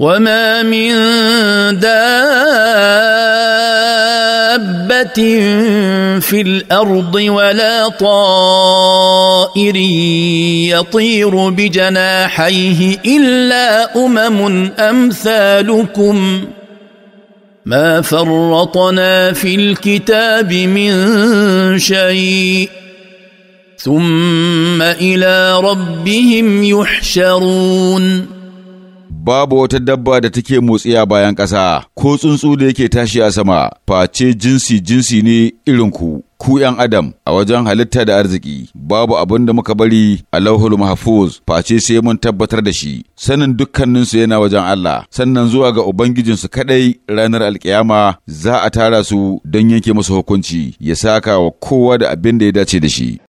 وما من دابه في الارض ولا طائر يطير بجناحيه الا امم امثالكم ما فرطنا في الكتاب من شيء ثم الى ربهم يحشرون babu wata dabba da take motsi a bayan ƙasa ko tsuntsu da yake tashi a sama face jinsi jinsi ne irin ku ‘yan Adam a wajen halitta da arziki, babu abin da muka bari a lauhul mahfuz face sai mun tabbatar da shi, sanin dukkaninsu yana wajen Allah, sannan zuwa ga Ubangijinsu kaɗai, ranar alkiyama za a tara su don yanke musu hukunci, ya saka wa kowa da abin da ya dace da shi.